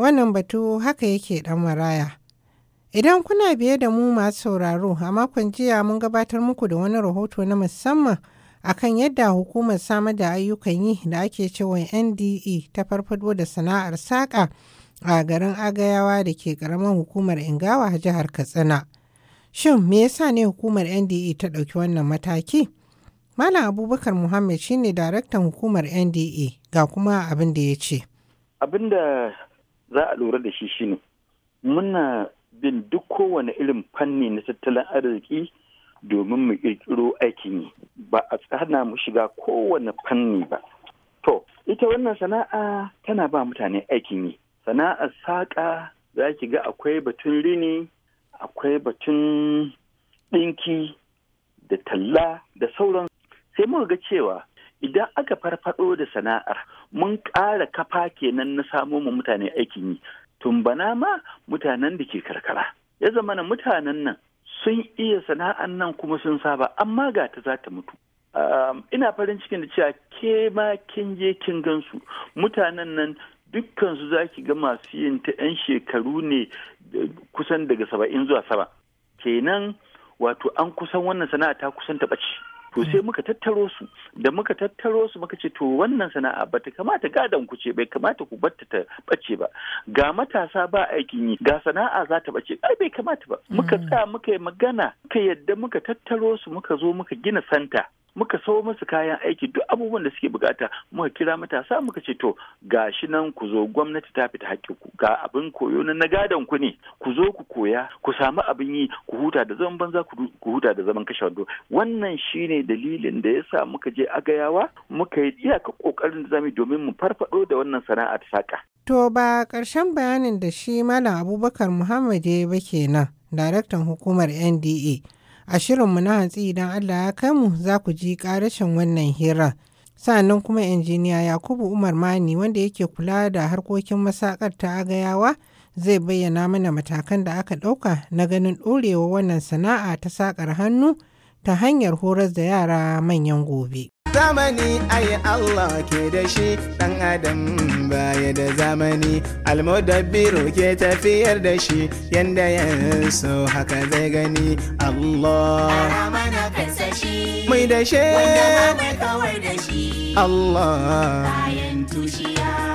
Wannan batu haka yake ɗan maraya. Idan kuna biye da mu masu sauraro a makon jiya mun gabatar muku da wani rahoto na musamman akan yadda hukumar samar da ayyukan yi da ake cewa NDE ta farfado da sana'ar saƙa a garin Agayawa da ke ƙaramin hukumar Ingawa a jihar Katsina. Shin me yasa ne hukumar NDE ta ɗauki wannan mataki? Malam Abubakar Muhammad shine daraktan hukumar NDE ga kuma abin da ya ce. Abin da za a lura da shi shine muna bin duk kowane irin fanni na tattalin arziki domin mu ƙirƙiro aikin yi ba a tsana mu shiga kowane fanni ba to ita wannan sana'a tana ba mutane aikin yi sana'ar saƙa za ki ga akwai batun rini akwai batun ɗinki da talla da sauran sai muka ga cewa idan aka farfado da sana'ar mun ƙara kafa kenan na samo ma mutane aikin yi tumbana ma mutanen da ke karkara ya zama na mutanen nan sun iya sana'an nan kuma sun saba amma ga ta za ta mutu ina farin cikin da cewa ke ma kin je kin gansu mutanen nan dukkansu za ki ga masu yin ta 'yan shekaru ne eh, kusan daga saba'in zuwa saba kenan wato an kusan wannan sana'a ta kusan ta ɓace. to sai mm. muka tattaro su da muka tattaro su muka ce to wannan sana'a ba ta kamata gadon ku ce bai kamata ku batta ta bace ba ga matasa ba aikin yi ga sana'a za ta bace ai bai kamata ba muka mm. tsaya muka yi magana muka yadda muka tattaro su muka zo muka gina santa muka sau masu kayan aiki duk abubuwan da suke bukata muka kira matasa muka ce to ga shi nan ku zo gwamnati ta fita haƙƙi ku ga abin koyo na gadon ku ne ku zo ku koya ku samu abin yi ku huta da zaman banza ku huta da zaman kashe wando wannan shine dalilin da ya sa muka je agayawa muka yi iyaka kokarin da zamu domin mu farfado da wannan sana'a ta saka to ba karshen bayanin da shi malam abubakar muhammad ya yi ba kenan daraktan hukumar NDA. A shirinmu na hantsi idan Allah ya kai mu za ku ji karashin wannan hirar. Sa'annan kuma injiniya Yakubu Umar Mani wanda yake kula da harkokin masakar ta agayawa zai bayyana mana matakan da aka ɗauka na ganin ɗorewa wannan sana'a ta saƙar hannu ta hanyar horar da yara manyan gobe. zamani ai Allah ke da shi dan adam baya da zamani almudabbiru ke tafiyar da shi yanda ya so haka zai gani Allah mana kansa shi mai da shi wanda ma mai kawar da shi Allah bayan tushiya